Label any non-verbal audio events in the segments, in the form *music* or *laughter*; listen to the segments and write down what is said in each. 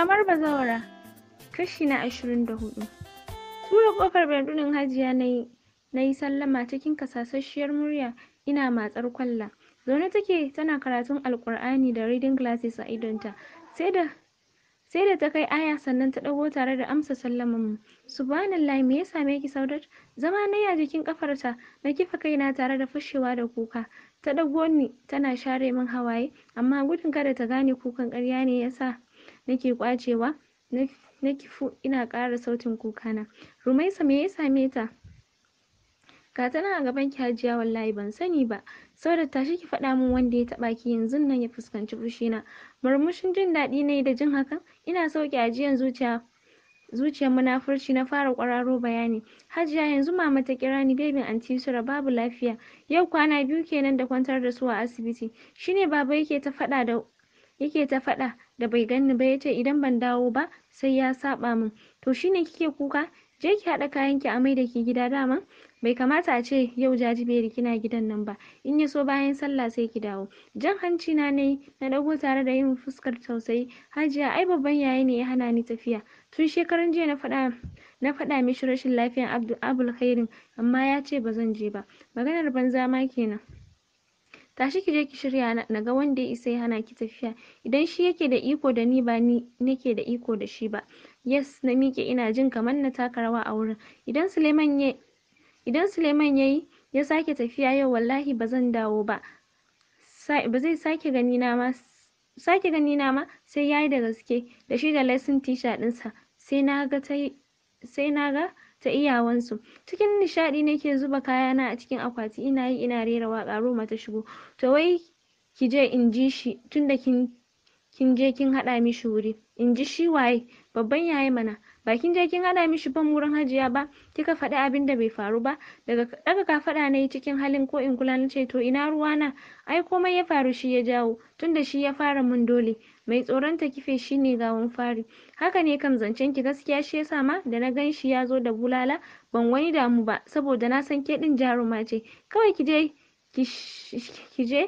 Ƙaramar bazawara kashi na ashirin da hudu. Tura ƙofar bedroom Hajiya na yi sallama cikin kasasasshiyar murya ina matsar kwalla. Zaune take tana karatun alkur'ani da reading glasses a idonta. Sai da sai da ta kai aya sannan ta ɗago tare da amsa sallaman mu. Subhanallah me ya same ki Saudat? Zama na ya jikin kafarta na kifa kaina tare da fashewa da kuka. Ta dago ni tana share min hawaye amma gudun kada ta gane kukan karya ne ya sa. nake kwacewa na fu ina ƙara sautin kuka na. rumaisa me ya same ta ga ta nan a gaban ki hajiya wallahi ban sani ba saboda tashi ki faɗa min wanda ya taɓa ki yanzu nan ya fuskanci fushi na. murmushin jin daɗi ne da jin hakan ina sauke ajiyan zuciya zuciyar munafurci na fara kwararo bayani hajiya yanzu mama ta kira ni bebin anti sura babu lafiya yau kwana biyu kenan da kwantar da su a asibiti shine baba yake ta faɗa da yake ta faɗa da bai ganni ba ya ce idan ban dawo ba sai ya saba min to shine kike kuka je ki haɗa kayan ki a mai da ki gida dama bai kamata a ce yau jaji jajiberi kina gidan nan ba in ya so bayan sallah sai ki dawo jan hanci na ne na dago tare da yin fuskar tausayi hajiya ai babban yayi ne ya hana ni tafiya tun shekaran jiya na faɗa na faɗa mishi rashin lafiyan abdul khairin amma ya ce ba zan je ba maganar banza ma kenan tashi ki je ki shirya na ga wanda ya isa ya hana ki tafiya idan shi yake da iko da ni ba ni nake da iko da shi ba yes na mike ina jin kamar na taka rawa a wurin idan Suleiman ya idan Suleiman yayi ya sake tafiya yau wallahi ba zan dawo ba ba zai sake gani na ma sake gani na ma sai yayi da gaske da shi da lesson teacher ɗinsa sai na ga sai na ga ta iyawansu cikin nishaɗi nake zuba kayana a cikin akwati ina yi ina rera waƙa Roma ta shigo to wai ki je in ji shi tunda kin kin je kin haɗa mishi wuri in ji shi waye babban yaye mana ba kin je kin hada mishi ban wurin hajiya ba kika faɗi abin da bai faru ba daga daga ka faɗa ne cikin halin ko in kula ce to ina ruwa na ai komai ya faru shi ya jawo tunda shi ya fara mun dole mai tsoron ta kife shine gawon fari haka ne kam zancen ki gaskiya shi yasa ma da na gan shi ya zo da bulala ban wani damu ba saboda na san ke din jaruma ce kawai ki je ki je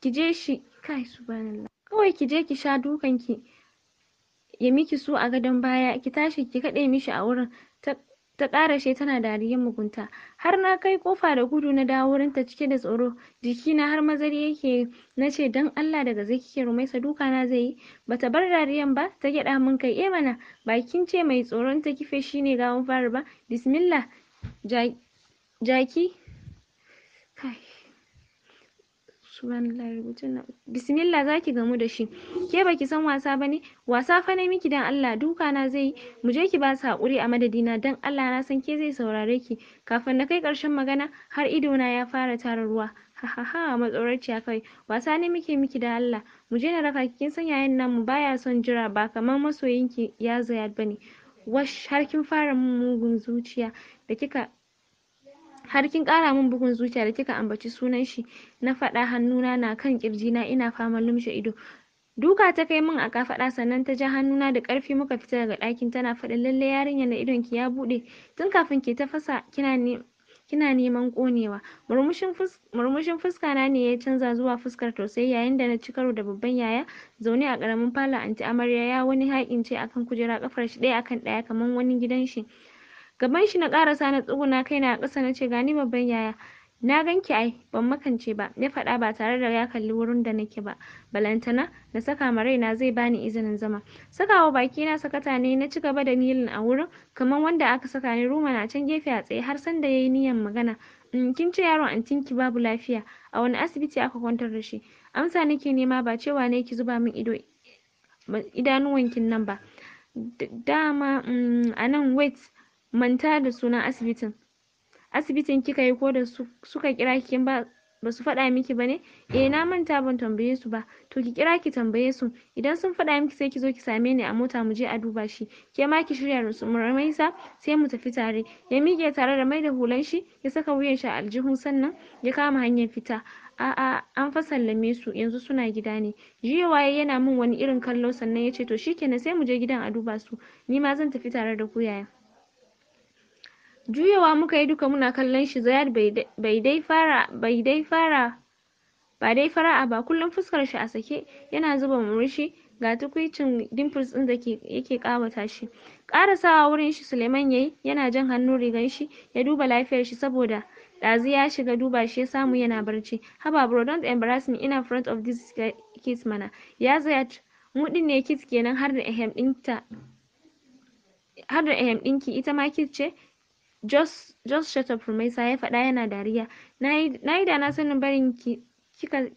ki je shi kai subhanallah kawai ki je ki sha dukan ki ya miki su a gadon baya ki tashi ki kaɗe mishi a wurin ta ƙara ƙarashe tana dariyar mugunta har na kai ƙofa da gudu na dawo wurinta cike da tsoro jikina har mazari yake na ce don Allah daga zai kike rumaisa duka na zai yi bata bar dariyan ba ta gyaɗa mun kai eh mana bakin ce mai tsoron ta kife shine gawon fara ba bismillah jaki bismillah zaki gamu da shi ke baki san wasa bane wasa fa ne miki dan Allah duka na zai mu je ki ba su hakuri a madadina dan Allah na san ke zai saurare ki kafin na kai karshen magana har ido na ya fara tara ruwa matsoraci matsoraciya kai wasa ne muke miki da Allah mu je na raka kin san yayin nan mu baya son jira ba kamar masoyinki ya zaya bane wash har kin fara mugun zuciya da kika har kin kara min bugun zuciya da kika ambaci sunan shi na faɗa hannuna na kan na ina fama lumshe ido duka ta kai min a kafaɗa sannan ta ja hannuna da karfi muka fita daga ɗakin tana faɗin lalle yarinyar na idon ki ya buɗe tun kafin ki ta fasa kina ne kina neman ƙonewa murmushin fuska na ne ya canza zuwa fuskar tausayi yayin da na ci karo da babban yaya zaune a karamin falon anti amarya ya wani haƙin ce akan kujera kafar shi ɗaya akan ɗaya kamar wani gidan shi gaban shi na karasa na tsuguna kaina a ƙasa nace gani babban yaya na ganki ai ban makance ba ya faɗa ba tare da ya kalli wurin da nake ba balantana na saka ma raina zai bani izinin zama sakawa baki na sakata ne na ci gaba da nilin a wurin kamar wanda aka saka ni ruma na can gefe a tsaye har sanda yayi niyan magana in mm, kin ce yaron antinki babu lafiya a wani asibiti aka kwantar da shi amsa nake nema ba cewa ne ki zuba min ido idanuwankin nan ba dama mm, a nan wait manta da sunan asibitin asibitin kika yi ko da suka kira ki ba ba su faɗa miki ba ne eh na manta ban tambaye su ba to ki kira ki tambaye su idan sun faɗa miki sai ki zo ki same ni a mota mu je a duba shi ke ma ki shirya su mu sa sai mu tafi tare ya mike tare da mai da hulan shi ya saka wuyan shi a aljihun sannan ya kama hanyar fita a'a an fa sallame su yanzu suna gida ne jiya waye yana min wani irin kallo sannan ya ce to shikenan sai mu je gidan a duba su ni ma zan tafi tare da ku yaya Juyawa muka yi duka muna kallon shi zayar bai dai fara'a ba, kullum fuskar shi a sake, yana zuba murmushi, ga tukwicin dimples ɗin da yake ƙawata shi. Ƙarasawa wurin shi Suleiman yayi, yana jan hannun rigan shi, ya duba lafiyar shi saboda ɗazu ya shiga duba shi ya samu yana barci. Haba bro, don't embarrass me in front of this kids mana. Ya zaya mu din ne kids kenan har da ehem dinta Har da ehem ɗinki, ita ma kids ce? "Just shut up, Rumaisa," ya faɗa yana dariya. "Na yi da na sanin barin ki kika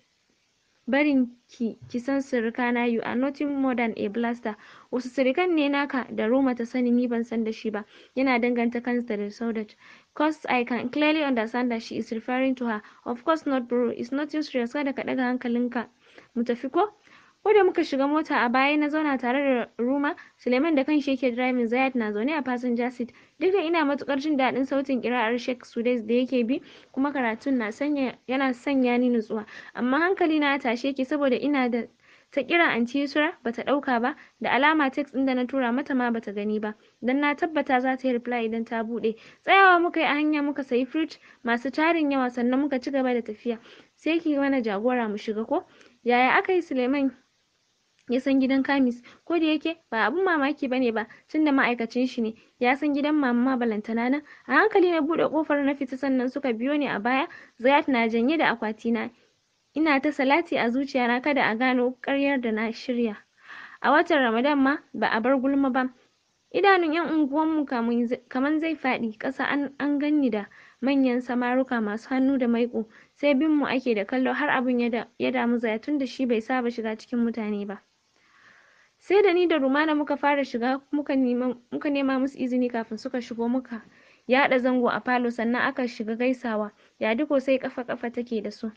barin ki ki san sirrikana you are nothing more than a blaster wasu sirikan ne naka da Roma ta sani ni ban san da shi ba yana danganta kansa da Saudat cause I can clearly understand that she is referring to her of course not bro it's nothing serious kada ka ɗaga hankalinka mu tafi ko Ko da muka shiga mota a baya na zauna tare da Ruma, Suleiman da kanshi yake driving Zayat na zaune a passenger seat. Duk da ina matukar jin daɗin sautin kira'ar Sheikh Sudais da yake bi, kuma karatun na sanya yana sanya ni nutsuwa. Amma hankali na tashe yake saboda ina da ta kira anti Yusra bata ɗauka ba, da alama text ɗin da na tura mata ma bata gani ba, dan na tabbata za ta yi reply idan ta buɗe. Tsayawa muka yi a hanya muka sayi fruit masu tarin yawa sannan muka ci gaba da tafiya. Sai ki mana jagora mu shiga ko? Yaya aka yi Suleiman ya san gidan kamis ko da yake ba abun mamaki bane ba tunda ma'aikacin shi ne ya san gidan mama balantana nan a hankali na bude kofar na fita sannan suka biyo ni a baya zayat na janye da akwatina ina ta salati a zuciya na kada a gano karyar da na shirya a watan ramadan ma ba a bar gulma ba idanun yan unguwanmu kaman zai faɗi ƙasa an, an ganni da manyan samaruka masu hannu da maiƙo sai bin mu ake da kallo har abun ya damu zaya tun da shi bai saba shiga cikin mutane ba sai da ni da rumana muka fara shiga muka nema muka nema musu izini kafin suka shigo muka yaɗa zango a falo sannan aka shiga gaisawa Ya diko sai kafa kafa take da su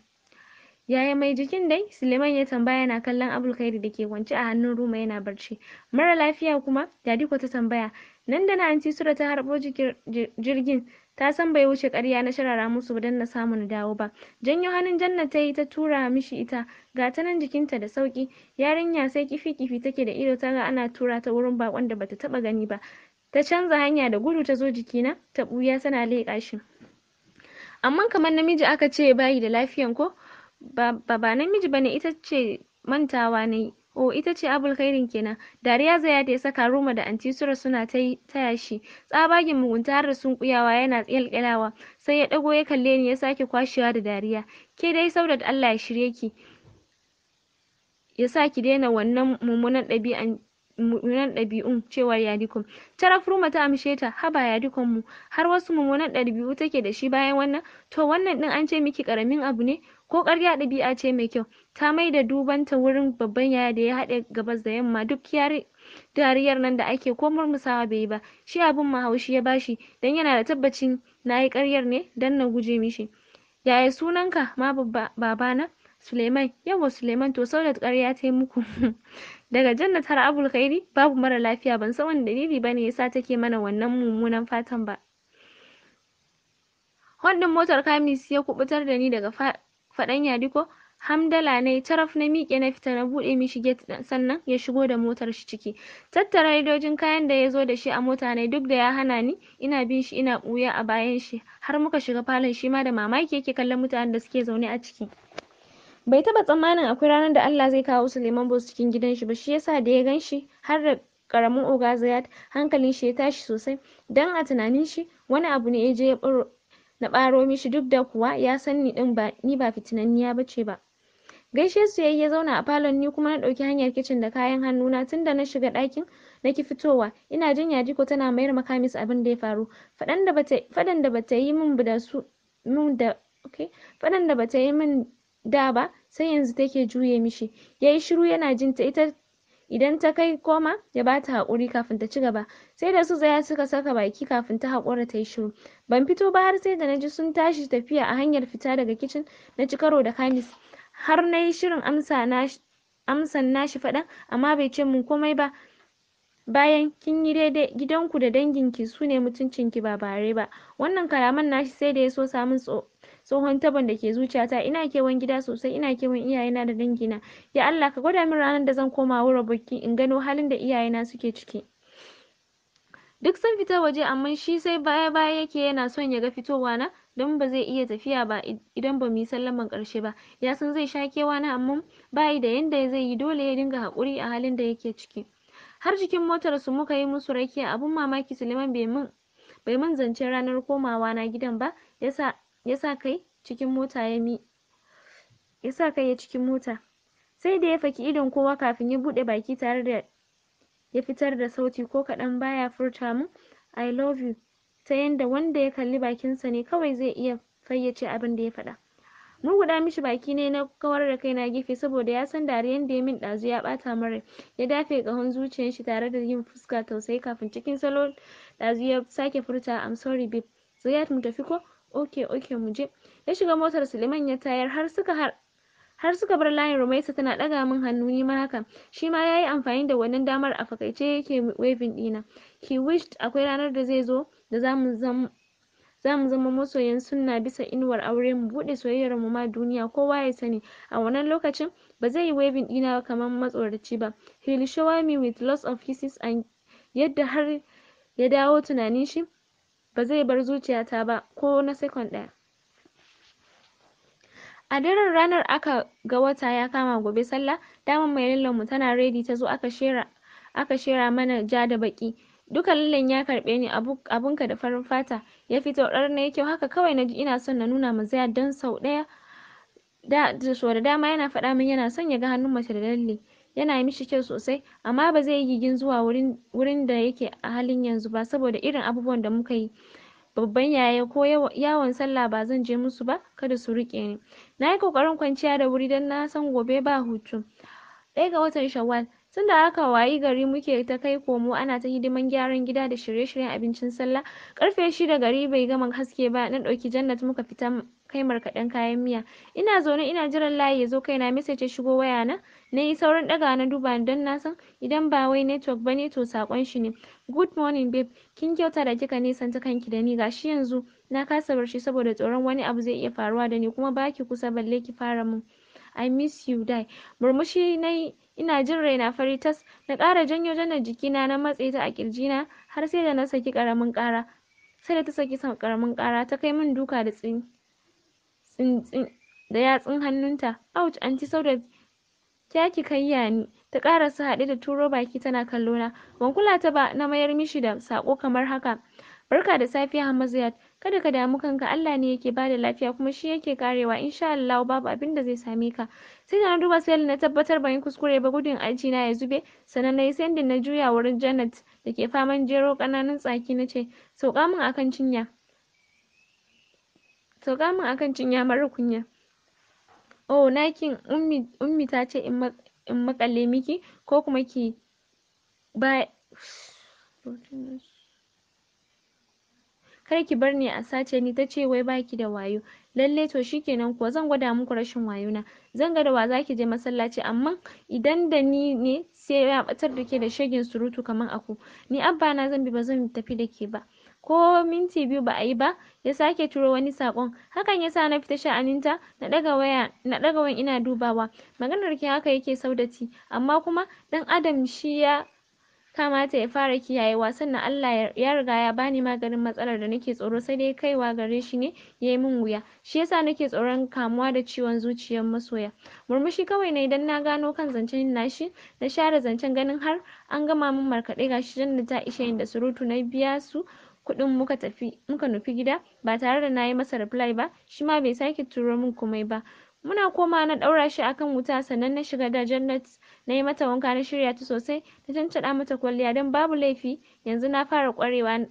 yaya mai jikin dai suleiman ya tambaya yana kallon Abulka'ir da ke kwance a hannun ruma yana barci mara lafiya kuma Ya diko ta tambaya nan da na anti sura ta harbo jirgin ta san bai wuce ƙarya na sharara musu ba na samu na dawo ba janyo hannun janna ta yi ta tura mishi ita ga ta nan jikinta da sauki yarinya sai kifi kifi take da ido ta ga ana tura ta wurin bakon da bata taba gani ba ta canza hanya da gudu ta zo jikina ta buya tana leƙa shi amma kamar namiji aka ce bayi da lafiyan ko ba ba namiji bane ita ce mantawa ne. Oh, ita ce khairin kenan. Dariya zaya ya saka Roma da Anti Sura suna ta taya shi. tsabagin mugunta har da sunkuyawa yana tsyalkyalawa. Sai ya dago ya kalle ni ya sake kwashewa da dariya. Ke dai Saudat Allah ya shirye ki. Ya sa ki daina wannan mummunan ɗabi'an mummunan ɗabi'un cewar yadikon taraf ruma ta amshe ta haba yadikon mu har wasu mummunan ɗabi'u take da shi bayan wannan to wannan din an ce miki karamin abu ne Ko ƙarya ɗabi'a ce mai kyau, ta maida dubanta wurin babban yaya da ya haɗe gabas da yamma duk dariyar nan da ake ko murmusawa bai yi ba, shi abin mahaushi haushi ya bashi dan yana da tabbacin na yi ƙaryar ne dan na guje mishi. Yaya sunanka ma babana? Suleiman, yawwa Suleiman to Saudat ƙarya ta yi muku. *laughs* Daga Jannat har Abul babu mara lafiya ban san wani dalili bane yasa take mana wannan mummunan fatan ba. Hon motar Kamis ya kubutar da ni daga faɗan Yadiko. Hamdala na taraf na miƙe na fita na buɗe mishi ɗin sannan ya shigo da motar shi ciki. Tattara ledojin kayan da ya zo da shi a mota ne duk da ya hana ni ina bin shi ina ɓuya a bayan shi har muka shiga falon shi ma da mamaki yake kallon mutanen da suke zaune a ciki. Bai taɓa tsammanin akwai ranar da Allah zai kawo Suleiman Bose cikin gidan shi ba shi yasa da ya gan shi har da karamin oga Zayat hankalin shi ya tashi sosai dan a tunanin shi wani abu ne ya je ya na ɓaro mishi duk da kuwa ya san ni ɗin ba ni ba fitinanniya ba ce ba gaishe su yayi ya zauna a falon ni kuma na ɗauki hanyar kicin da kayan hannuna tun da na shiga ɗakin ki fitowa ina jin ko tana mayar makamis abin da ya faru faɗan da bata yi min da su da okay faɗan da bata yi min da ba sai yanzu take juye mishi yayi shiru yana jin ta ita idan ta kai koma ya bata haƙuri kafin ta ci gaba sai da su tsaya suka saka baki kafin ta haƙura ta yi shiru ban fito ba har sai da na ji sun tashi tafiya a hanyar fita daga kicin na ci karo da kamis har na yi shirin amsa na amsan nashi faɗan amma bai ce mun komai ba bayan kin yi daidai gidanku da danginki su ne mutuncinki ba bare ba wannan kalaman nashi sai da ya so samun tsohon tabon da ke zuciyata ina kewan gida sosai ina kewan iyayena da dangi na ya Allah ka gwada min ranar da zan koma wurin baki in gano halin da iyayena suke ciki duk sun fita waje amma shi sai baya baya yake yana son ya ga fitowa na don ba zai iya tafiya ba idan ba mu yi sallaman karshe ba ya san zai sha kewa na amma bayi da yanda zai yi dole ya dinga haƙuri a halin da yake ciki har jikin motar su muka yi musu rakiya abun mamaki Suleiman bai min bai min zance ranar komawa na gidan ba yasa ya sa kai cikin mota ya cikin mota sai da ya faki idon kowa kafin ya buɗe baki tare da ya fitar da sauti ko kaɗan baya furta mu I love you ta yadda wanda ya kalli bakinsa ne kawai zai iya fayyace abin da ya faɗa murguɗa mishi baki ne na kawar da kai na gefe saboda ya san dariyan da ya min ɗazu ya ɓata mara ya dafe ƙahon zuciyar shi tare da yin fuska tausayi kafin cikin salo ɗazu ya sake furta I'm sorry babe Ziyad mu tafi ko oke-oke mu je ya shiga motar Suleiman ya tayar har suka har har suka bar layin Rumaisa tana ɗaga min hannu ni ma haka shi ma yayi amfani da wannan damar a fakaice yake waving dina he wished akwai ranar da zai zo da zamu zama mu zama masoyan sunna bisa inuwar aure mu buɗe soyayyar mu ma duniya kowa ya sani a wannan lokacin ba zai yi wevin ɗina kamar matsoraci ba hili will with lots of kisses an yadda har ya dawo tunanin shi ba zai bar zuciyata ba ko na second ɗaya a daren ranar aka ga wata ya kama gobe sallah daman mai lallan mu tana redi ta zo aka shera aka shera mana ja da baki duka lallan ya karbe ni abunka da farin fata ya fito ɗar na kyau haka kawai na ji ina son na nuna maza don sau ɗaya da da dama yana faɗa min yana son ya ga hannun mace da lalle yana mishi kyau sosai amma ba zai yi gigin zuwa wurin wurin da yake a halin yanzu ba saboda irin abubuwan da muka yi babban yaya ko yawon sallah ba zan je musu ba kada su riƙe ni na yi ƙoƙarin kwanciya da wuri don na san gobe ba hutu ɗaya ga watan shawwal tunda aka wayi gari muke ta kai komo ana ta hidiman gyaran gida da shirye-shiryen abincin sallah karfe shida gari bai gama haske ba na ɗauki jannat muka fita kai markaɗen kayan miya ina zaune ina jiran layi ya zo kaina message ya shigo waya na na yi saurin ɗaga na duba don na san idan ba wai network bane to sakon shi ne good morning babe kin kyauta da kika nisanta kanki da ni gashi yanzu na kasa barci saboda tsoron wani abu zai iya faruwa da ni kuma baki kusa balle ki fara mun I miss you die murmushi na ina jin raina fari tas na ƙara janyo janar jikina na matse ta a na har sai da na saki ƙaramin ƙara sai da ta saki ƙaramin ƙara ta kai min duka da tsini da yatsun hannunta ouch anty ci kya ki kaiya ni ta su haɗe da turo baki tana kallo na ban kula ta ba na mayar mishi da sako kamar haka barka da safiya hamaziyat kada ka damu kanka Allah ne yake bada lafiya kuma shi yake karewa insha Allah babu abin da zai same ka sai da na duba sai na tabbatar ban yi kuskure ba gudun aji na ya zube sannan na yi na juya wurin Janet da ke faman jero ƙananan tsaki na ce sauka min akan cinya Sauka min akan cinya mara kunya. Oh, nakin ummi ummi ta ce in in makale miki ko kuma ki ba kar ki bar ni a sace ni tace wai baki da wayo lalle to shikenan kuwa zan gwada muku rashin wayo na zan ga da wa zaki je masallaci amma idan da ni ne sai ya batar da ke da shagin surutu kaman aku ni abba na zan bi ba zan tafi da ke ba ko minti biyu ba a yi ba ya sake turo wani saƙon hakan yasa na fita sha'aninta na ɗaga waya na ɗaga wayan ina dubawa maganar ki haka yake saudati amma kuma ɗan adam shi ya kamata ya fara kiyaye kiyayewa sannan Allah ya riga ya bani maganin matsalar da nake tsoro sai dai kaiwa gare shi ne ya yi min wuya shi yasa nake tsoron kamuwa da ciwon zuciyar masoya murmushi kawai na idan na gano kan zancen nashi na share zancen ganin har an gama min markaɗe gashi janna ta ishe da surutu na biya su kuɗin muka tafi muka nufi gida ba tare da na yi masa reply ba shi ma bai sake turo min komai ba muna koma na ɗaura shi akan wuta sannan na shiga da Jannat na yi mata wanka na shirya ta sosai na tantaɗa mata kwalliya don babu laifi yanzu na fara ƙwarewa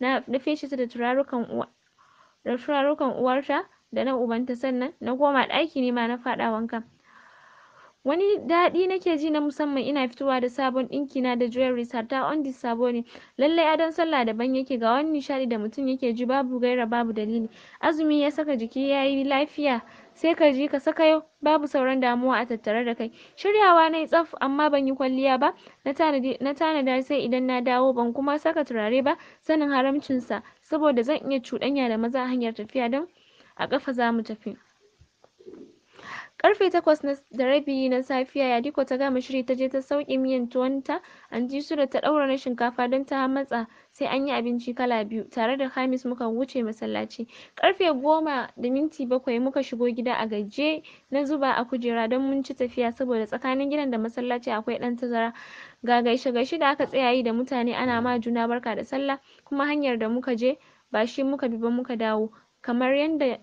na feshe ta da turarukan uwa da turarukan uwarta da na ubanta sannan na koma ɗaki ma na faɗa wanka wani daɗi nake ji na musamman ina fitowa da sabon ɗinki na da jewelries hatta the sabo ne lallai adon sallah daban yake ga wani nishaɗi da mutum yake ji babu gaira babu dalili azumi ya saka jiki yayi lafiya sai ka ji ka saka yau babu sauran damuwa a tattare da kai shiryawa nayi tsaf amma ban yi kwalliya ba na tanada sai idan na dawo ban kuma saka turare ba sanin haramcin sa saboda zan iya cuɗanya da maza a hanyar tafiya don a ƙafa mu tafi Karfe takwas da rabi na safiya Yadiko ta gama shiri ta je ta sauke miyan tuwon ji su da ta ɗaura na shinkafa don ta matsa sai an yi abinci kala biyu tare da Hamis muka wuce masallaci. Karfe goma da minti bakwai muka shigo gida a gaje na zuba a kujera don mun ci tafiya saboda tsakanin gidan da masallaci akwai ɗan tazara. Ga gaishe-gaishe da aka tsaya yi da mutane ana ma juna barka da sallah kuma hanyar da muka je ba shi muka bi ba muka dawo kamar yadda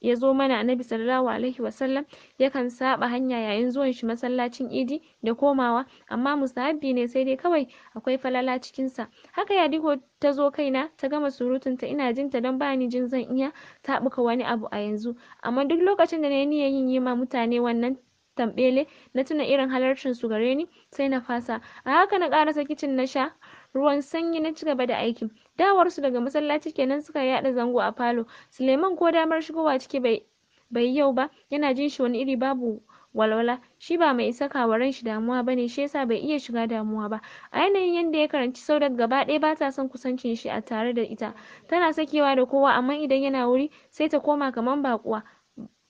ya zo mana annabi sallallahu alaihi wasallam yakan saba hanya yayin zuwan shi masallacin idi da komawa amma musahabi ne sai dai kawai akwai falala cikin sa haka digo ta zo kaina ta gama surutun ta ina jin ta ba ni jin zan iya tabuka wani abu a yanzu amma duk lokacin da na yi niyyar yin yi mutane wannan tambele na tuna irin halarcin su gare ni sai na fasa a haka na karasa kicin na sha ruwan sanyi na cigaba da aikin dawarsu daga masallaci kenan suka yaɗa zango a falo suleiman ko damar shigowa ciki bai bai yau ba yana jin shi wani iri babu walwala shi ba mai saka wa ranshi damuwa bane shi yasa bai iya shiga damuwa ba a yanayin yadda ya karanci saudat gaba ɗaya ba ta son kusancin shi a tare da ita tana sakewa da kowa amma idan yana wuri sai ta koma kaman baƙuwa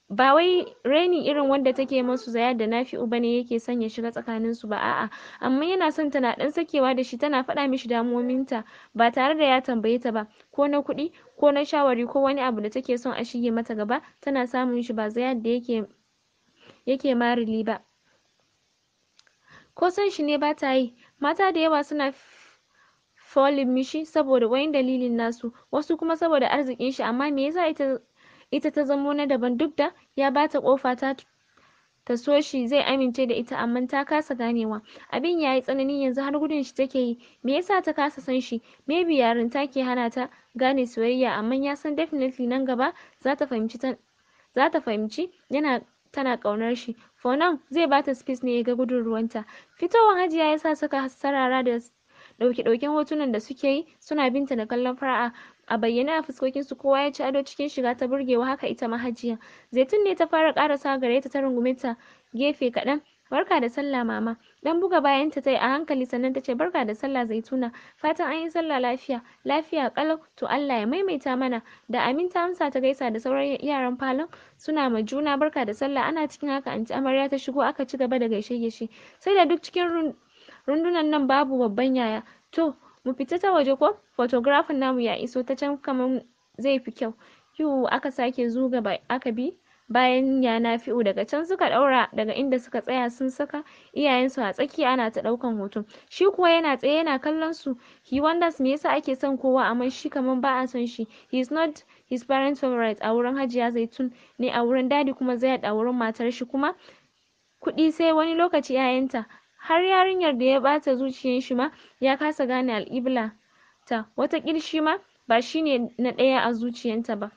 ba wai raini irin wanda take masu zaya da Nafi'u bane yake son ya shiga tsakanin su ba a'a amma yana son tana dan sakewa da shi tana faɗa mishi damuwominta ba tare da ya tambaye ta ba ko na kuɗi ko na shawari ko wani abu da take son a shige mata gaba tana samun shi ba zaya da yake yake marili ba ko san shi ne ba ta yi mata da yawa suna folin mishi saboda wani dalilin nasu wasu kuma saboda arzikin shi amma me yasa ita ita ta zamo na daban duk da ya bata kofa ta ta so shi zai amince da ita amma ta kasa ganewa abin yayi tsanani yanzu har gudun shi take yi me yasa ta kasa san shi maybe yarinta ke hana ta gane soyayya amma ya san definitely nan gaba zata fahimci ta fahimci yana tana kaunar shi for now zai bata space ne ya ga gudun ruwanta fitowar hajiya yasa suka sarara da dauke-dauken hotunan da suke yi suna binta da kallon fara'a a bayyane a fuskokin su kowa ya ci ado cikin shiga ta burgewa haka ita mahajiya zaitun ne ta fara karasa gare ta ta rungume ta gefe kaɗan barka da sallah mama dan buga bayan ta tai a hankali sannan ta ce barka da sallah zaituna fatan an yi sallah lafiya lafiya kalau to Allah ya maimaita mana da amin ta amsa ta gaisa da sauran yaran falon suna ma juna barka da sallah ana cikin haka anti amarya ta shigo aka ci gaba da gaishe gaishe sai da duk cikin rundunan nan babu babban yaya to mu fita ta waje ko photographer namu ya iso ta can kaman zai fi kyau yiwu aka sake zuga ba aka bi bayan ya nafi'u daga can suka ɗaura daga inda suka tsaya sun saka iyayensu a tsakiya ana ta ɗaukan hoton shi kuwa yana tsaye yana kallon su he wonders me yasa ake son kowa amma shi kaman ba a son shi he is not his parents favorite a wurin hajiya zaitun ne a wurin dadi kuma zai a wurin matar shi kuma kuɗi sai wani lokaci 'ya'yanta har yarinyar da ya ɓata zuciyar shi ma ya kasa gane alƙibla ta wata shi ma ba shine na ɗaya a zuciyanta ba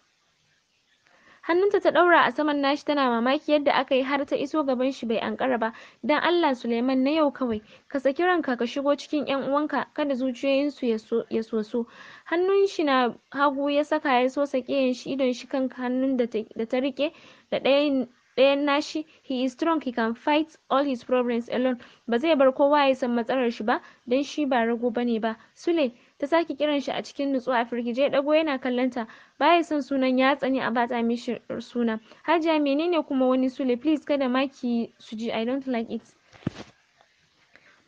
hannunta ta ɗaura a saman nashi tana mamaki yadda aka yi har ta iso gaban shi bai ankara ba don Allah Suleiman na yau kawai ka saki ranka ka shigo cikin yan uwanka kada zuciyoyin su ya soso hannun shi na hagu ya saka ya so sakiyan shi idon shi kan hannun da ta rike da ɗayan na nashi he is strong he can fight all his problems alone ba zai bar kowa ya san matsalar shi ba don shi ba rago ba bane ba sule ta sake kiran shi a cikin nutsuwa a firgice ya dago yana kallon ta baya son sunan ya tsani a bata mishi suna hajiya menene kuma wani sule please kada ma ki su ji i don't like it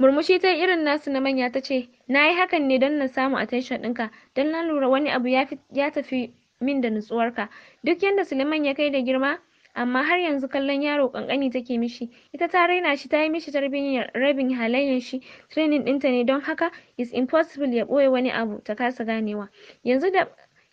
murmushi ta irin nasu na manya ta ce na yi hakan ne don na samu attention ɗinka don na lura wani abu ya tafi min da nutsuwarka duk yadda suleiman ya kai da girma amma har yanzu kallon yaro kankani take mishi ita ta raina shi ta yi mishi tarbiyyar rabin halayyar shi training ɗinta ne don haka is impossible ya ɓoye wani abu ta kasa ganewa yanzu da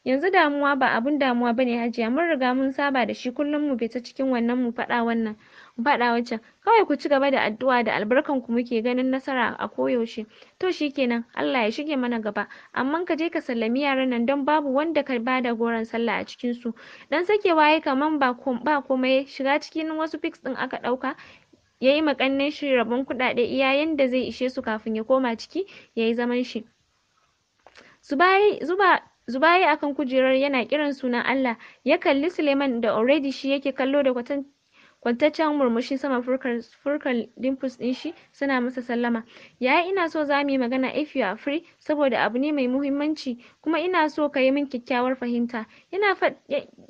yanzu damuwa ba abun damuwa bane hajiya mun riga mun saba da shi kullum mu fita cikin wannan mu faɗa wannan faɗa wancan kawai ku ci gaba da addu'a da albarkan ku muke ganin nasara a koyaushe to shikenan Allah ya shige mana gaba amma ka je ka sallami yaran nan don babu wanda ka bada goron sallah a cikin su dan sakewa yayi kaman ba ba komai shiga cikin wasu fix din aka dauka yayi yi makannin shi rabon kuɗaɗe iya yanda zai ishe su kafin ya koma ciki yayi zaman shi zuba Zubairu akan kujerar yana kiran sunan Allah, ya kalli Suleiman da already shi yake kallo da kwatan kwantaccen murmushin saman furkan dimples din shi suna masa sallama yaya ina so za mu yi magana if you are free saboda abu ne mai muhimmanci kuma ina so ka yi min kyakkyawar fahimta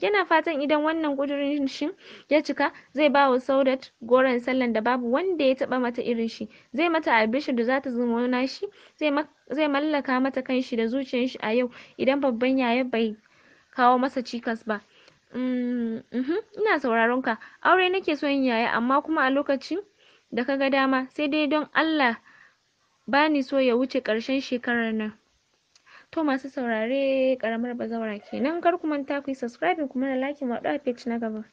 yana fatan idan wannan kudirin shi ya cika zai ba wa saudat goron sallan da babu wanda ya taba mata irin shi zai mata albishir da za ta zama shi zai mallaka mata kanshi da zuciyar shi a yau idan babban yaya bai kawo masa cikas ba Mm, mhm, ina sauraron ka. Aure nake so yin yaya amma kuma a lokacin da ka ga dama sai dai don Allah bani so ya wuce ƙarshen shekarar nan. To masu saurare ƙaramar bazawara kenan kar ku manta ku yi subscribing kuma da liking mu a page na gaba.